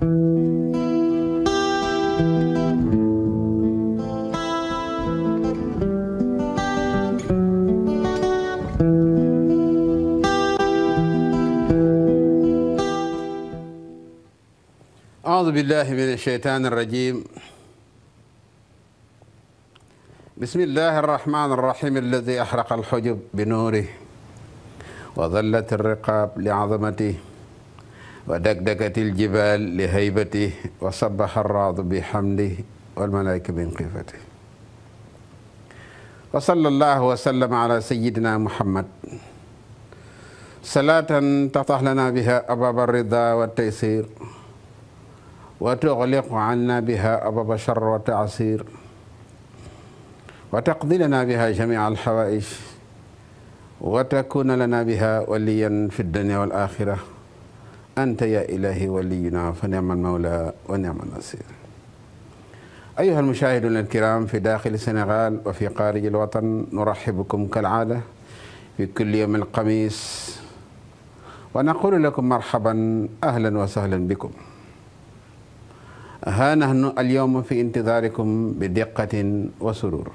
أعوذ بالله من الشيطان الرجيم بسم الله الرحمن الرحيم الذي أحرق الحجب بنوره وظلت الرقاب لعظمته wa dakdakatil jibaal li haybati wa sabaxa raadu bi xamdi walmalaayika min xiifati wa sallallahu wa sallam ala sayidina muhammad salaatan taxtax lana biha ababa rida wa taysir wa tuxliqu anna biha ababa char wa taasir wa taqdi lana biha jamia alxawaish wa takuna lana biha waliyan fi dunia wal axira أنت يا إلهي ولينا فنعم المولى ونعم النصير أيها المشاهدون الكرام في داخل السنغال وفي خارج الوطن نرحبكم كالعادة في كل يوم الخميس ونقول لكم مرحبا أهلا وسهلا بكم ها نحن اليوم في انتظاركم بدقة وسرور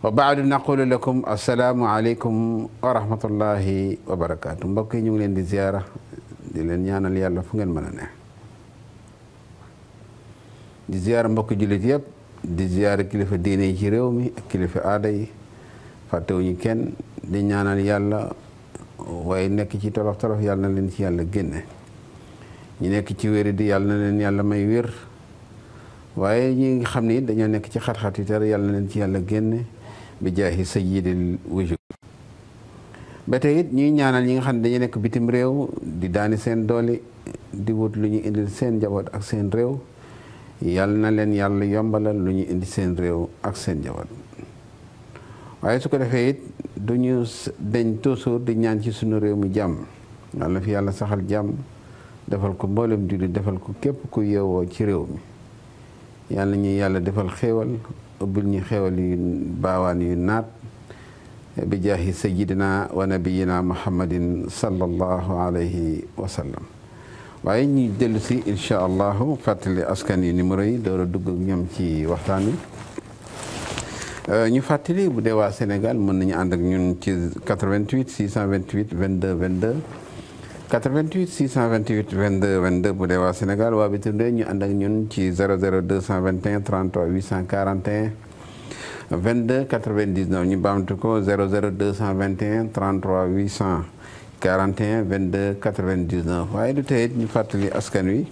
wa na naqulu lakum assalaamu aleykum wa wa barakaatu mbokk yi ñu ngi leen di ziyaara di leen ñaanal yàlla fu ngeen mën a ne di ziyaara mbokki jullit yëpp di ziyaara kilifa diine yi ci réew mi ak kilifa aada yi fàttewuñu kenn di ñaanal yàlla waaye nekk ci tolof tolof yàlla na leen ci yàlla génne ñu nekk ci wéri di yàlla na leen yàlla may wér waaye ñi nga xam ni dañoo nekk ci xat-xat yi tere yàlla na leen ci yàlla génne bi jaahi sayyidil wujud ba tey ñuy ñaanal ñi nga xam ne dañu nekk bitim réew di daani seen doole di wut lu ñu indil seen njaboot ak seen réew yal na leen yàlla yombalal lu ñu indi seen réew ak seen njaboot waaye su ko defee du ñu dañ toujours di ñaan ci suñu réew mi jàmm yal na fi yàlla saxal jàmm defal ko mboolem julli defal ko képp ku yeewoo ci réew mi yal na ñuy yàlla defal xéewal bul ñu xewal yu baawaan yu naat bi jaahi sayidina wa nabiyina muhammadin sallallahu alayhi wa sallam waaye ñu dellu si incha allah fàttali askan yi numéro yi door dugg ak ñoom ci waxtaan wi euh, ñu fàttali bu dee waa Sénégal mën nañu ànd ak ñun ci 88 628 vingt 22 88 628 22 22 bu dee waa Sénégal waa bitim réew ñu ànd ak ñun ci 00 221 33 841 22 99 ñu baamtu ko 00 221 33 841 22 99 waaye du tey ñu fàttali askan wi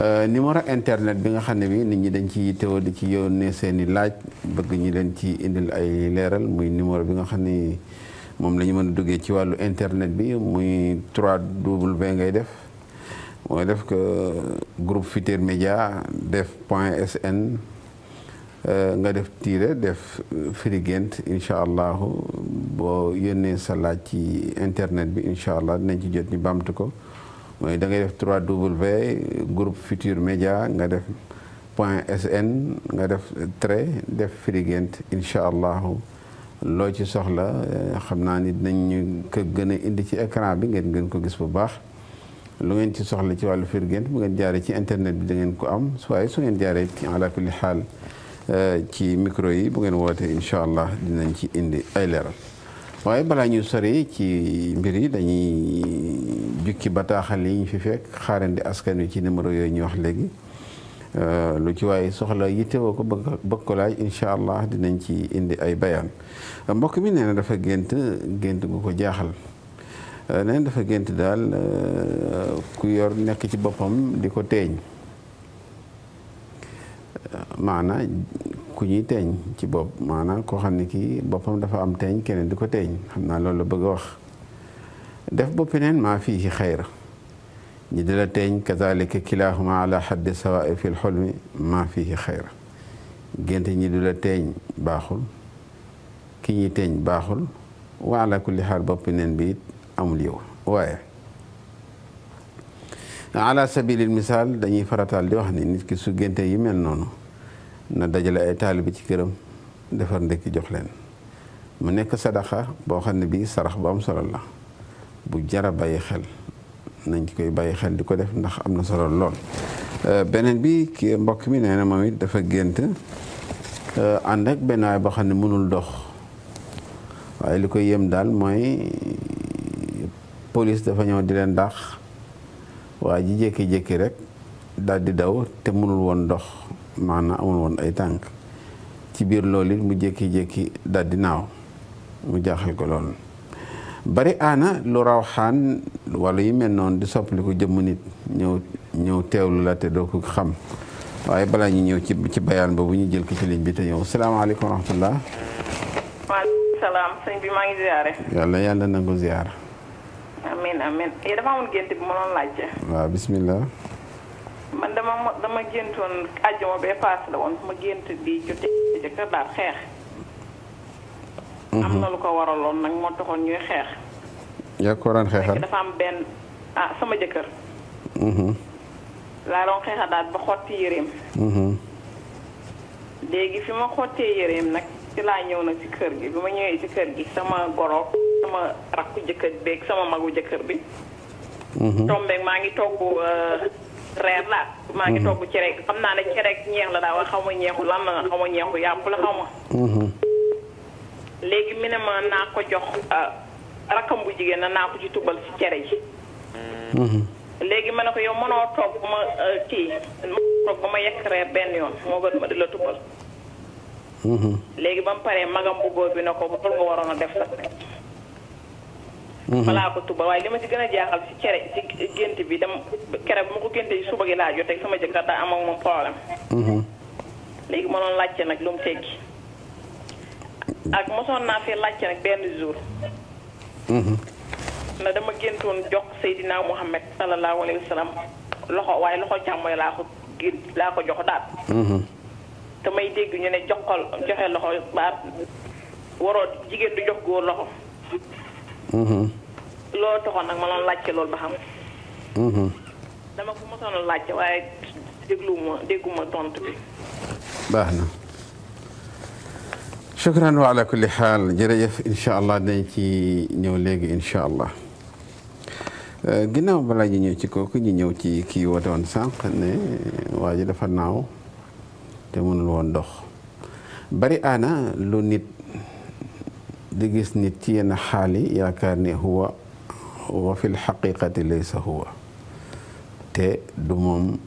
euh, numéro internet bi nga xam ne bi nit ñi dañ ci teewoo di ci yónnee seen i laaj bëgg ñu leen ci indil ay leeral muy numéro bi nga xam ni. moom la ñu mën a duggee ci wàllu internet bi muy 3W ngay def mooy def que groupe Futurs Médias def point sn euh, nga def tiire def firigent incha allahu bo yónnee sa ci internet bi incha allah nañ ci jot ñu bamtu ko mooy da ngay def 3W groupe Futurs Médias nga def point sn nga def trait def firigent incha allahu loo ci soxla eh, xam naa ni dinañ ko gën a indi ci écran bi ngeen gën ko gis bu baax lu ngeen ci soxla ci wàllu firgéent bu ngeen jaaree ci internet bi da ngeen ko am waaye su ngeen jaaree ci ala kulli xaal eh, ci micro yi bu ngeen wootee incha allah dinañ ci indi ay leeral. waaye balaa ñu sori ci mbir yi dañuy jukki bataaxal yi ñu fi fekk xaarandi askan wi ci numéro yooyu ñu wax léegi. Euh, lu ci waay soxla yittewoo ko bëgg bëgg ko laaj incha allah dinañ ci indi ay bayaan mbokk mi nee na dafa gént gént gu ko jaaxal euh, nee na dafa gént daal euh, ku yor nekk ci boppam di ko teeñ maana ku ñuy teeñ ci bopp maana koo xam ne kii boppam dafa am teeñ keneen di ko teeñ xam naa loolu la bëgg a wax def boppi neen maa fii ci xayra ñi di la teeñ kazalika kilaahuma ala xaddi sawaai fi lxolmi ma fihi xayra gént ñi di la teeñ baaxul ki ñi teeñ baaxul wa ala kulli xaal boppi neen bi it amul yow waaye ala sabilil misaal dañuy farataal di wax ni nit ki su génte yi mel noonu na dajale ay taalibi ci këram defar ndekki jox leen mu nekk sadaxa boo xam ne bii sarax bu am solo la bu jara bàyyi xel nañ koy bàyyi xel di ko def ndax am na solo lool euh, beneen bi ki mbokk mi nee na moom it dafa gént euh, ànd ak benn waay boo xam ne mënul dox waaye li koy yem daal mooy police dafa ñëw di leen dàq waa ji jékki-jékki rek daal di daw te mënul woon dox maanaam amul woon ay tànk ci biir loolu it mu jékki-jékki daal di naaw mu jaaxal ko lool. bari ana lu raw xaan wala yi mel noonu di soppaliku jëmm nit ñëw ñëw teewlu la te doo ko xam waaye balaa ñu ñëw ci ci bayaan boobu ñu jël ko ci ligne bi te ñëw salaamaaleykum wa rahmatullah. waaleykum salaam sëñ bi maa ngi ziare. yàlla yàlla nangu ziar. amiin amiin yéen dafa amoon gént bi ma doon laajte. waaw bismillah. man dama dama géntoon àjjuma bee paas la woon ma gént bi jotee ca daal xeex. am mhm. na lu ko waraloon nag moo taxoon ñuy xeex. yaa ko waroon xeexal dafa am benn ah sama jëkkër. Mhm. laa doon xeexal daal ba xotti yëreem. Mhm. léegi fi ma xottee yëreem nag ci laa ñëw nag ci kër gi bi ma ñëwee ci kër gi sama goroog sama rakku jëkkër beeg sama magu jëkkër bi. tombeeg maa ngi togg euh, reer la maa ngi togg cere xam naa ne cere ñeex la daa wax xaw ma ñeexu lan la xaw ma ñeexu yàpp la xaw léegi mi ne ma naa ko jox euh, rakam bu jigéen na naa ko ci tubal ci cere ji mm-hmm. léegi ma ne ko yow mënoo toog ba ma euh, kii mënoo ma yekk reer benn yoon moo ma di la tubal mm-hmm. léegi ba mu paree magam bu góor bi na ko waroon a def sax mm-hmm. balaa ko tubal waaye li ma ci a jaaxal ci cere ci gént bi dama kere bu ma ko géntee suba gi laa jotee sama jëkkër daa am ak moom léegi ma doon laajte nag lu mu tekki ak mosoon naa fi laajte nag benn jour. Mhm. na dama géntoon jox Seydina Mouhamed sallallahu alayhi wa loxo waaye loxo càmmoy laa ko gént laa ko jox daal. Mhm. te may dégg ñu ne joxol joxe loxo baat waroo jigéen du jox góor loxo. Mhm. loolu taxoon nag ma doon laajte loolu ba xam. dama ko mosoon a waaye dégluwuma dégguma tontu bi. baax na. shukran wa ala kulli xaal jërëjëf incha allah dañ ci ñëw léegi incha allah ginnaaw balaa ñu ñëw ci kooku ñu ñëw ci kii woote woon sànq ne waa ji dafa naaw te mënul woon dox bari aana lu nit di gis nit ci yenn xaali yi yaakaar ne huwa wa fil xaqiqati laysa huwa te du moom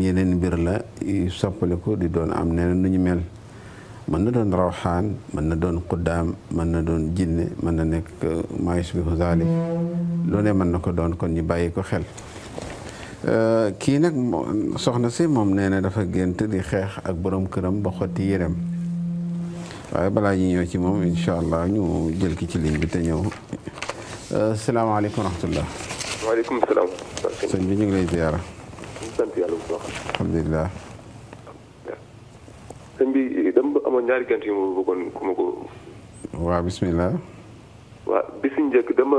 yeneen mbir la yu soppaliku di doon am neneen nu ñu mel mën na doon rawxaan mën na doon quddaam mën na doon jinne mën na nekk euh, maa yusbihu zalik lu ne mën na ko doon kon ñu bàyyi ko xel euh, kii nag soxna si moom nee na dafa gént di xeex ak borom këram ba xotti yérem waaye balaa ñu ñëw ci moom incha allah ñu jël ki ci ligne bi te ñëw euh, salaamaaleykum wa rahmatullah waaleykum salaam sëñ bi ñu ngi la ziyaara sant bu baax alhamdulilah sëñ bi dama amoon ñaari gant yu ma bëggoon ku ma ko. waaw bisimilah. waaw bis njëkk dama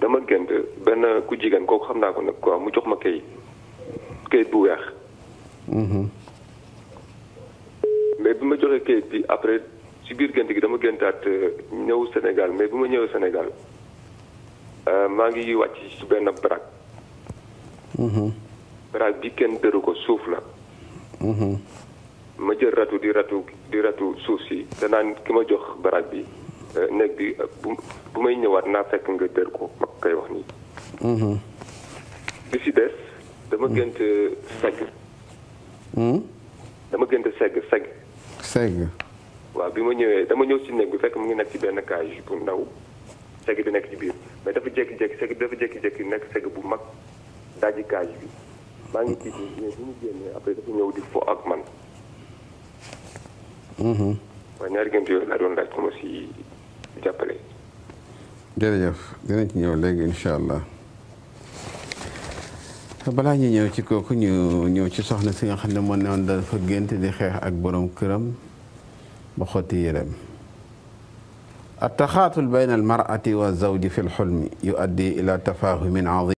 dama gënt benn ku jigéen kooku xam naa ko nag quoi mu jox ma kayit kayit bu weex. Mhm. mais bi ma joxee kayit bi après ci biir gënt gi dama gëntaat euh, ñëw Sénégal mais bi ma ñëwee Sénégal euh, maa ngi wàcc ci benn baraag. Mhm. baraag bi kenn dëru ko suuf la. Mhm. ma jël ratu di ratu di ratu suuf si danaan ki ma jox barab bi eh, néeg bi eh, bu may ñëwaat naa fekk nga dër ko ma koy wax nii. bi mm-hmm. si des dama mm-hmm. gënt segg. Mm-hmm. dama gënt segg segg. segg. waaw bi ma ñëwee dama ñëw si néeg bi fekk mu ngi nekk ci benn cage bu ndaw segg bi nekk ci biir mais dafa jékki-jékki segg nekk segg bu mag daaji cage bi maa ngi ci ñu génnee après dafa ñëw di foo ak man. Mhm. waaye ñaari gént yooyu laa doon laaj ku ma si jàppale. jërëjëf dinañ ci ñëw léegi incha allah balaa ñuy ñëw ci kooku ñëw ci soxna si nga xam ne moo ne woon dafa gént di xeex ak borom këram ba xotti yërem التخاطل بين المرأة والزوج في الحلم يؤدي إلى تفاهم عظيم